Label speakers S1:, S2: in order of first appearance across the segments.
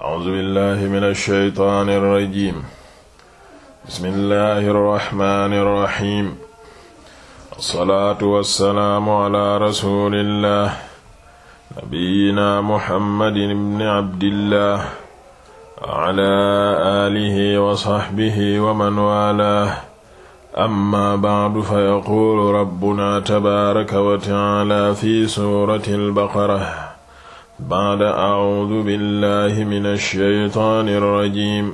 S1: a'uuzu billahi mina shaytaani rajiim bismillahi rahmaani rahiim wassalaatu wassalaamu ala rasulillah nabiyyina muhammadin ibni abdillah wa ala alihi wa sahbihi wa man waalaah amma ba'du fa yaquulu rabbuna tabaaraka wa ta'aala fi suurati al-baqara ba'da a'uudu billahi mina shaytaani rajiim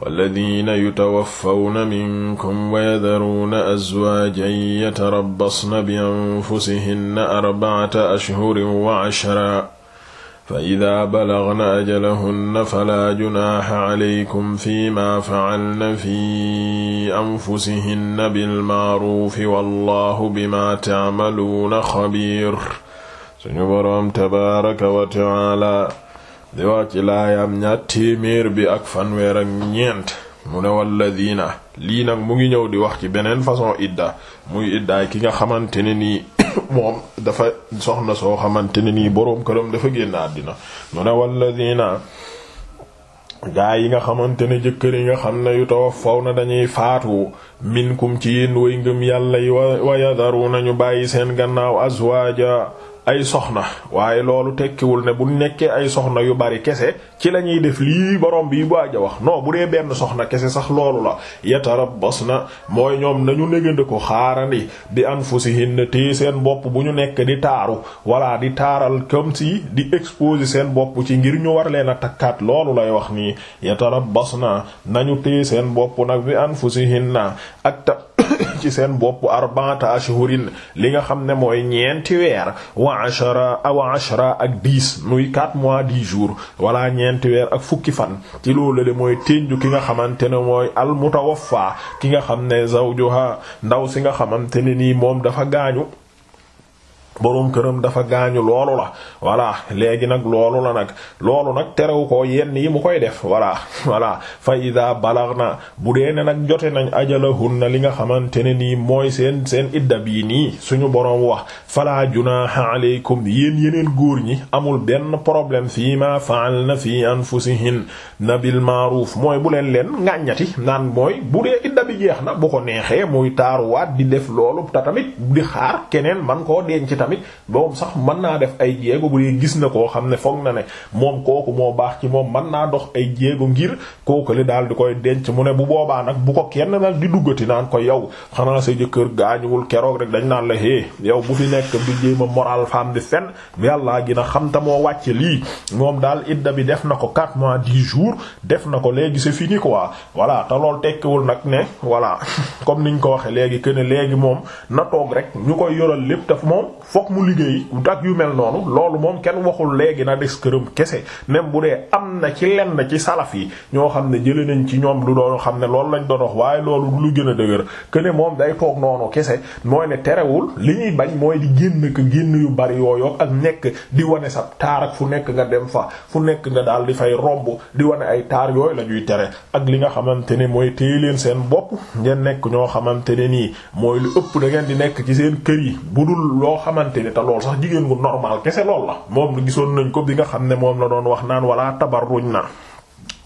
S1: walladiina yutawaffawna minkum wa yadharuuna azwaajan yatarabbasna bi anfusihinna arba'ata ashhurin wa 'ashran fa idaa balaghna ajalahunna falaa junaaha 'alaykum fiimaa fa'alna fii anfusihinna bilma'ruufi wallaahu bimaa ta'maluuna xabiir suñu boroom tabaaraka wa ta'aala di wax ci laayaam ñaar téeméer bi ak fanweer ak ñeent mu ne walladiina lii nag mu ngi ñëw di wax ci beneen façon idda muy iddaay ki nga xamante ne nii moom dafa soxna soo xamante ne nii boroom këram dafa génn àddina mu ne walladiina gaa yi nga xamante ne jëkkër yi nga xam ne yu tawaffaw na dañuy faatu minkum ci yéen way ngëm yàlla yi wa yadaru nañu bàyyi seen gannaaw azwaaja ay soxna waaye loolu tekkiwul ne bu nekkee ay soxna yu bari kese ci la ñuy def lii borom bi bu a wax noo bu dee benn soxna kese sax loolu la na mooy ñoom nañu négandi ko xaarandi bi anfusihinna téye seen bopp bu ñu nekk di taaru walla di taaral comme si di exposer seen bopp ci ngir ñu war leen a takkaat loolu lay wax nii yatarabbasna nañu téye seen bopp nag bi anfusihinna ak ci seen bopp arba'ata ashhurin li nga xam ne mooy ñeenti weer wa ashara wa ak dix muy quatre mois dix jours wala ñeenti weer ak fukki fan ci loolu le mooy tënju ki nga xamante ne mooy al mutawaffa ki nga xam ne zawjuha ndaw si nga xamante ne nii moom dafa gaañu borom këram dafa gaañu loolu la voilà léegi nag loolu la nag loolu nag terewu ko yenn yi mu koy def voilà voilà fa ida balag na bu dee ne nag jote nañ na li nga xamante ne nii mooy seen seen idda bii nii suñu borom wax fala junaha aleykum yéen yeneen góor ñi amul benn problème fii ma na fi anfusihin na bil ma'ruf mooy bu leen leen ngàññati naan mooy bu dee idda bi jeex na bu ko neexee muy taaruwaat di def loolu ta tamit di xaar keneen tamit moom sax man naa def ay jéego bu dee gis na koo xam ne foog na ne moom kooku moo baax ci moom man naa dox ay jéego ngir kooku li daal di koy denc mu ne bu boobaa nag bu ko kenn nag di duggati naan ko yow xanaa sa jëkkër gaañuwul keroog rek dañ naan la yow bu fi nekk bi jéema moral femme di fen yàllaa gi na xam ta moo wàcce lii moom daal idda bi def na ko 4 mois 10 jours def na ko léegi c'est fini waa voilà te lool tekkiwul nag ne voilà comme niñ ko waxee léegi que léegi moom na toog rek ñu koy yoral lépp daf moom fokk mu liggéey ak yu mel noonu loolu moom kenn waxul léegi na des këram kese même bu dee am na ci lenn ci salaf yi ñoo xam ne jëlee nañ ci ñoom lu doon xam ne loolu lañ doon wax lu gën a dëgër moom day toog noonu kese mooy ne terewul li bañ mooy di génn génn yu bari yooyu ak nekk di wane sa taar fu nekk nga dem fa fu nekk nga daal di fay romb di wane ay taar yooyu la ñuy tere ak li nga xamante ne mooy téye leen seen bopp ngeen nekk ñoo xamante ne nii mooy lu ëpp da ngeen di nekk ci seen kër yi budul loo xam xamante ne te lool sax jigéen gu normal kese lool la moom gisoon nañ ko bi nga xam ne moom la doon wax naan wala tabarruñ naa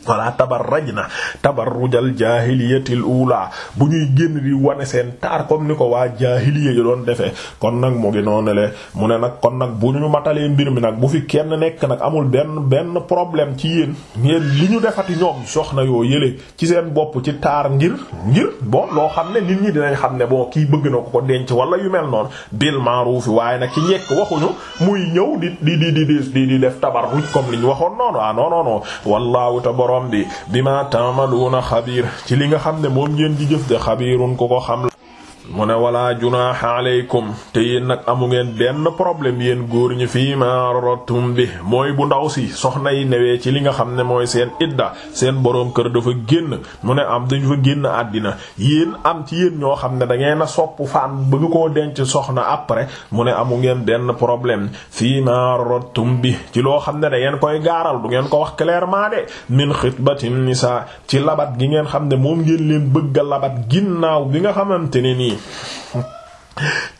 S1: tabar wala tabarrajna tabarrujal jaahiliyatil ula bu ñuy génn di wane seen taar comme ni ko waa jaahiliya yi doon defee kon nag mu ngi noonu le mu ne nag kon nag bu ñu matalee mbir mi nag bu fi kenn nekk nag amul benn benn problème ci yéen ngeen li ñu defati ñoom soxna yoo yële ci seen bopp ci taar ngir ngir boo loo xam ne nit ñi dinañ xam ne boo kii bëgg na ko ko denc wala yu mel noonu bil ma'ruf waaye nag ci ñekk waxuñu muy ñëw di di di di di di def tabarruj comme li ñu waxoon noonu ah, borom bi bima ta'maluna xabiir ci li nga xam ne moom ngeen di jëf de xabiirun ku ko xam mu ne walaa junaaha aleykum te yéen nag amu ngeen benn problème yéen góor ñi fii ma bi mooy bu ndaw si soxna yi newee ci li nga xam ne mooy seen idda seen boroom kër dafa génn mu ne am dañu fa génn àddina yéen am ci yéen ñoo xam ne da ngeen a sopp faan bëgg koo denc soxna après mu ne amu ngeen benn problème fii ma rotum bi ci loo xam ne da ngeen koy gaaral du ngeen ko wax clairement de min xitbatin nisa ci labat gi ngeen xam ne moom ngeen leen bëgg a labat bi nga xamante ne nii nii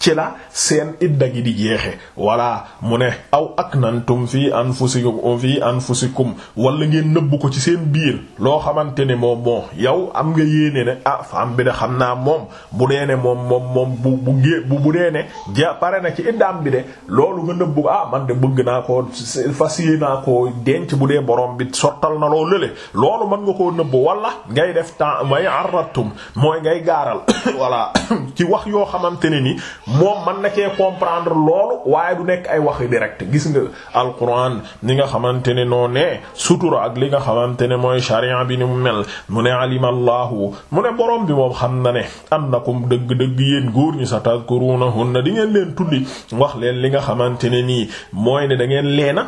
S1: ci la seen idda gi di jeexe walla mu ne aw aknantum fii anfusikum fii anfusikum wala ngeen nëbbu ko ci seen biir loo xamante ne moom bon yow am nga yéene ne ah bi xam naa moom bu dee moom moom moom bu bu bu bu dee ne ja pare na ci iddaam bi de loolu nga nëbbu ko ah man de bëgg naa ko fas yéene naa ko denc bu dee borom bi sottal na loo lële loolu mën nga koo nëbbu wala ngay def temps may arratum mooy ngay gaaral walla ci wax yoo xamante ne ni moom man na cee comprendre loolu waaye du nekk ay waxi direct gis nga alquran ni nga xamante ne noo ne sutura ak li nga xamante ne mooy sharia bi ni mu mel mu ne alimallahu mu ne borom bi moom xam na ne annakum dëgg-dëgg yéen góor ñi sa tadkurunahunna di ngeen leen tuddi wax leen li nga xamante ne nii mooy ne da ngeen leena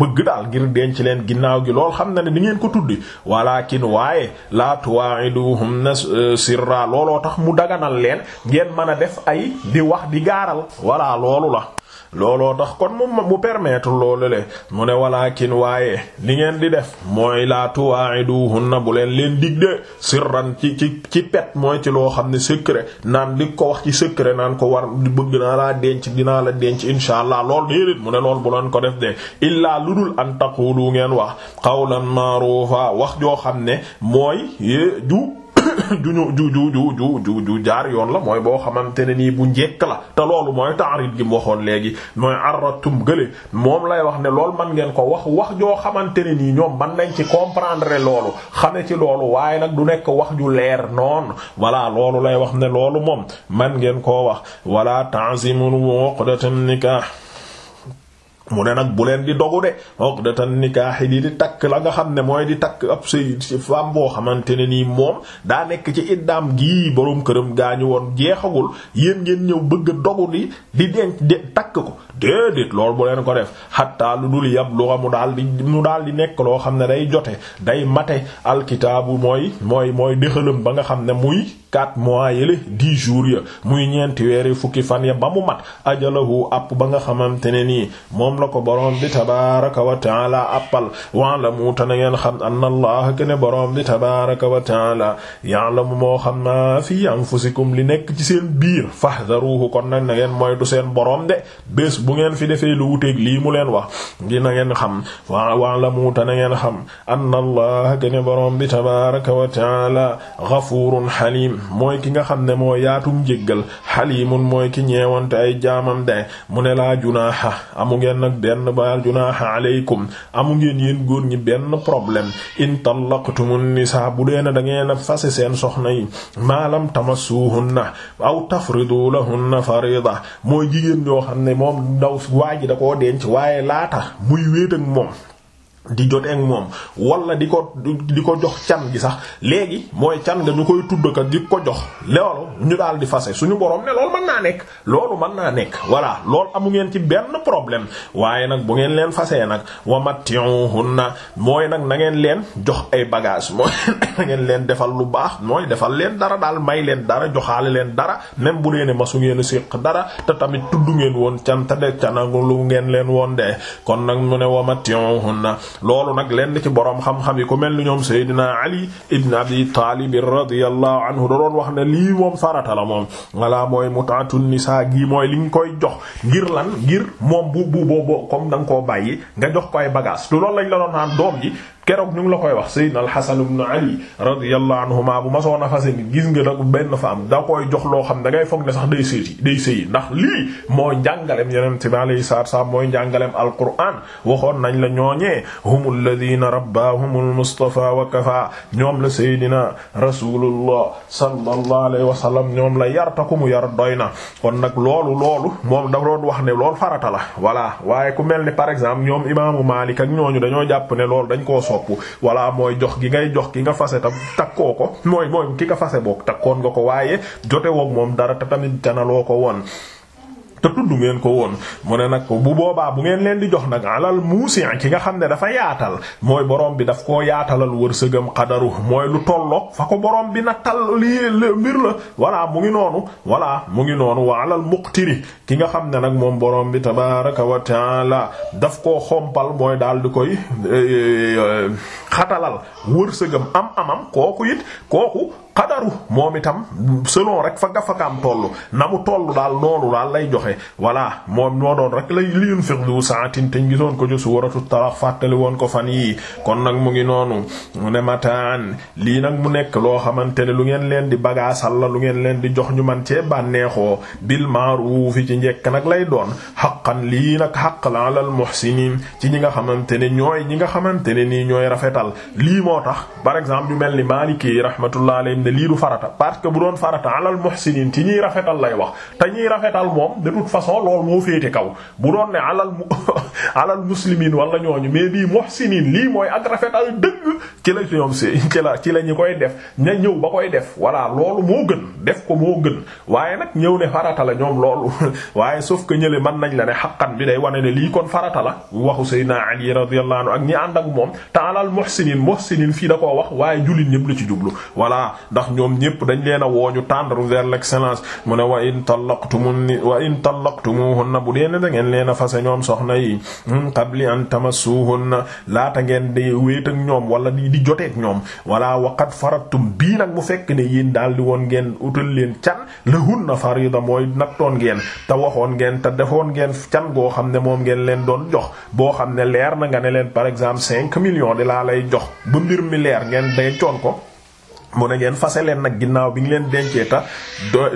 S1: bëgg daal ngir denc leen ginnaaw gi lool xam na ne di ngeen ko tuddi walakin waaye la tuwa'iduhunna sirra looloo tax mu daganal leen ngeen mën a def ay di wax di gaaral voilà loolu la looloo tax kon mu mu permettre loolu le mu ne kiin waaye li ngeen di def mooy laa tuwa'iduhunna bu leen leen dig de sirran ci ci ci pet mooy ci loo xam ne secret naan di ko wax ci secret naan ko war di bëgg naa laa denc dinaa la denc insha lool déedéet mu ne lool bu leen ko def de illaa lu dul an taqulu ngeen wax qawlan ma'rufa wax joo xam ne mooy ju eh, juñu ju ju ju ju ju ju jaar yoon la mooy boo xamante ne nii bu njekk la te loolu mooy ta'rid gi mu waxoon léegi mooy arratum gële moom lay wax ne lool man ngeen ko wax wax joo xamante ne nii ñoom man nañ ci comprendre loolu xame ci loolu waaye nag du nekk wax ju leer noon voilà loolu lay wax ne loolu moom man ngeen ko wax wala ta'zimul uqdatan nikah mu ne nag bu leen di dogu de ok da tan nikaaxi di di takk la nga xam ne mooy di takk ab sëy ci boo xamante ne nii moom daa nekk ci iddaam gii boroom këram gaañu woon jeexagul yéen ngeen ñëw bëgg a dogu di di takk ko déedéet loolu bu leen ko def xattaa lu dul yab lu mu daal di mu daal di nekk loo xam ne day jote day mate alkitaabu mooy mooy mooy déxalam ba nga xam ne muy quatre mois yële dix jours ya muy weer fukki fan ya ba mu mat moom la ko borom bi tabaaraka wa appal na ngeen xam anna allah ken borom bi tabaaraka wa taala ya'lamu moo xam maa fi li nekk ci seen biir fahdharuhu kon nag na ngeen moytu seen borom de bu ngeen fi defee lu wuteeg lii mu leen wax di na ngeen xam wa'lamu te na ngeen xam anna allah ken borom bi tabaaraka wa taala ghafurun halim mooy ki nga xam ne moo yaatum jéggal halimun mooy ki ñeewante ay jaamam de mu ne laa junaaha amu ngeen benn ba junaaha aleykum amu ngeen yéen góor ñi benn problème in tallaqtumun nisaa bu dee na da ngeen a seen soxna yi maalam tamassuhunna aw tafridu lahunna farida mooy jigéen yoo xam ne moom ndaw waa ji da koo denc waaye laata muy wéet moom di jot ak moom wala di ko di ko jox can gi sax léegi mooy can nga ñu koy tudd ko di ko jox loolu ñu daal di fase suñu borom ne loolu mën naa nekk loolu mën naa nekk voilà loolu amu ngeen ci benn problème waaye nag bu ngeen leen fasee nag wa na mooy nag na ngeen leen jox ay bagage mooy na ngeen leen defal lu baax mooy defal leen dara daal may leen dara joxaale leen dara même bu dee ne masu ngeen siq dara te tamit tudd ngeen woon can te de ngeen leen woon de kon nag mu ne loolu nag lenn ci boroom xam-xam yi ku mel ni ñoom Seydina Ali ibn Abi Taalib radiyallahu anhu da doon wax ne lii moom farata la moom walla mooy mutaatun nisaa gi mooy li nga koy jox ngir lan ngir moom bu bu boobu comme da nga koo bàyyi nga jox ko ay bagage loolu lañ la naan doom ji keroog ñu ngi la koy wax sayyidna alxasan ibnu ali radiyallahu anhuma bu masoon a fase ni gis nga nag benn fa am da koy jox loo xam da ngay foog ne sax day sëyi day sëyi ndax lii mooy njàngalem yonent bi alayhi salaatu salaam mooy njàngalem alquran waxoon nañ la ñooñee hum alladina rabbahum almustafa wa kafa ñoom la saydina rasulullah sallallahu alayhi ñoom la yarta ku mu yar doy na kon nag loolu loolu moom da doon wax ne loolu farata la voilà waaye ku mel ni par exemple ñoom imaamu Maalik ak ñooñu sopp walla mooy jox gi ngay jox ki nga fase tam takkoo ko mooy mooy ki nga fase boog takkoon nga ko waaye jote woog moom dara te tamit janaloo ko woon te tudd ngeen ko woon mu ne nag bu boobaa bu ngeen leen di jox nag alal muusi ki nga xam ne dafa yaatal mooy boroom bi daf koo yaatalal wërsëgam xadaru mooy lu tolloog fa ko bi nattal lii mbir la voilà mu ngi noonu voilà mu ngi noonu wa alal muqtiri ki nga xam ne nag moom borom bi tabaaraka wa taala daf koo xompal mooy daal di koy eh, eh, eh, xatalal wërsëgam am amam kooku it kooku xadaru moom itam selon rek fa gafakaam toll na mu toll daal noonu daal lay joxe voilà moom noo doon rek lay li yunfiq du saatin te gisoon ko ci suuratu talaq fàttali woon ko fan yii kon nag mu ngi noonu mu ne mataan lii nag mu nekk loo xamante ne lu ngeen leen di bagaasal la lu ngeen leen di jox ñu man cee bànneexoo bil ma'ruf ci njekk nag lay doon xaqan lii nag xaq la alal muhsinin ci ñi nga xamante ne ñooy ñi nga xamante ne nii ñooy rafetal lii moo tax par ne lii du farata parce que bu doon farata alal muhsinin ci ñiy rafetal lay wax te ñiy rafetal moom de façon loolu moo féete kaw bu doon ne alal mu alal muslimin wala ñooñu mais bii muhsinin lii mooy ak rafetal dëgg ci la ñoom si ci la la ñu koy def ña ñëw ba koy def voilà loolu moo gën def ko moo gën waaye nag ñëw ne farata la ñoom loolu waaye sauf que ñële mën nañ la ne xaqan bi day wane ne lii kon farata la waxu Seydina Ali radiyallahu anhu ak ñi ànd ak moom te alal muhsinin muhsinin fii da koo wax waaye jullit ñëpp la ci jublu voilà ndax ñoom ñépp dañ leen a woo ñu tendre vers l'excellence mu ne wa in tallaqtumun wa in na bu dee ne da ngeen leen a fase ñoom soxna yi qabli an tamassuhunna laata ngeen di wéet ak ñoom wala di di joteek ñoom wala waqad faradtum bii nag bu fekk ne yéen daal di woon ngeen utal leen can lahunna farida mooy nattoon ngeen te waxoon ngeen te defoon ngeen can goo xam ne moom ngeen leen doon jox boo xam ne leer na nga ne leen par exemple cinq millions di laa lay jox ba mbir mi leer ngeen dencoon ko mu ne ngeen fase leen nag ginnaaw bi ngi leen dencee ta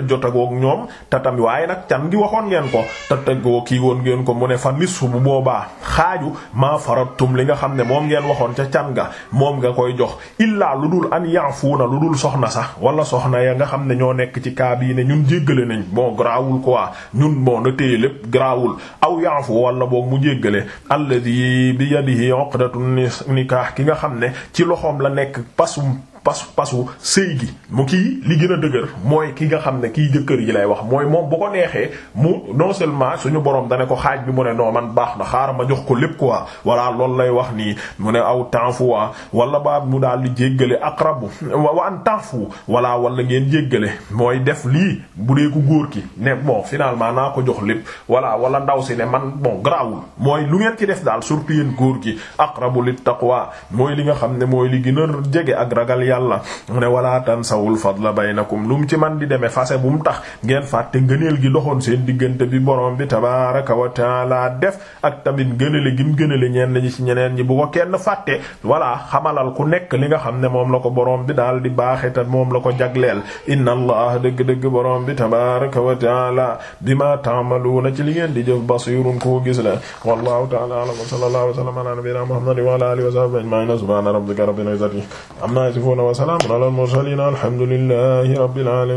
S1: jotagoog ñoom te tam waaye nag can gi waxoon ngeen ko te tegoo kii woon ngeen ko mu ne fa nisfu bu boobaa xaaju maa farattum li nga xam ne moom ngeen waxoon ca can ga moom nga koy jox illaa lu dul am an na lu dul soxna sax wala soxna ya nga xam ne ñoo nekk ci kaa bii ne ñun jéggale nañ bon grawul quoi ñun bon na téye lépp garaawul aw yaafu wala boog mu jéggale alladi bi yadihi uqdatun nikah ki nga xam ne ci loxoom la nekk pasum pas pasu sëy gi mu kii li gën a dëgër mooy ki nga xam ne kii jëkkër ji lay wax mooy moom bu ko neexee mu non seulement suñu borom dane ko xaaj bi mu ne non man baax na xaaral ma jox ko lépp quoi voilà loolu lay wax nii mu ne aw tanfuwa wala ba mu daal di jéggale aqrabu wa an tanfu wala wala ngeen jéggale mooy def lii bu dee ku góor ki ne bon finalement naa ko jox lépp voilà wala ndaw si ne man bon grawul mooy lu ngeen ci def daal surtout yéen góor gi aqrabu lit taqwa mooy li nga xam ne mooy li gën a jege ak ragal yàlla mu ne walaa tansawul fadla baynakum lu mu ci man di demee fase bu mu tax ngeen fàtte ngëneel gi doxoon seen diggante bi borom bi tabaaraka wa def ak tamit ngënale gi mu ngënale ñenn ñi ci ñeneen ñi bu ko kenn fàtte voilà xamalal ku nekk li nga xam ne moom la ko borom bi daal di baaxe te moom la ko jagleel inna allah dëgg-dëgg boroom bi tabaaraka wa ma bima ta'maluna ci li ngeen di jëf basirun ko gis la wallahu ta'ala a'lam sallallahu alayhi wa sallam ala nabiyina muhammadin wa ala alihi wa sahbihi ajma'in wa salaamun alal mursaliin alhamdulillahi rabbil aalamiin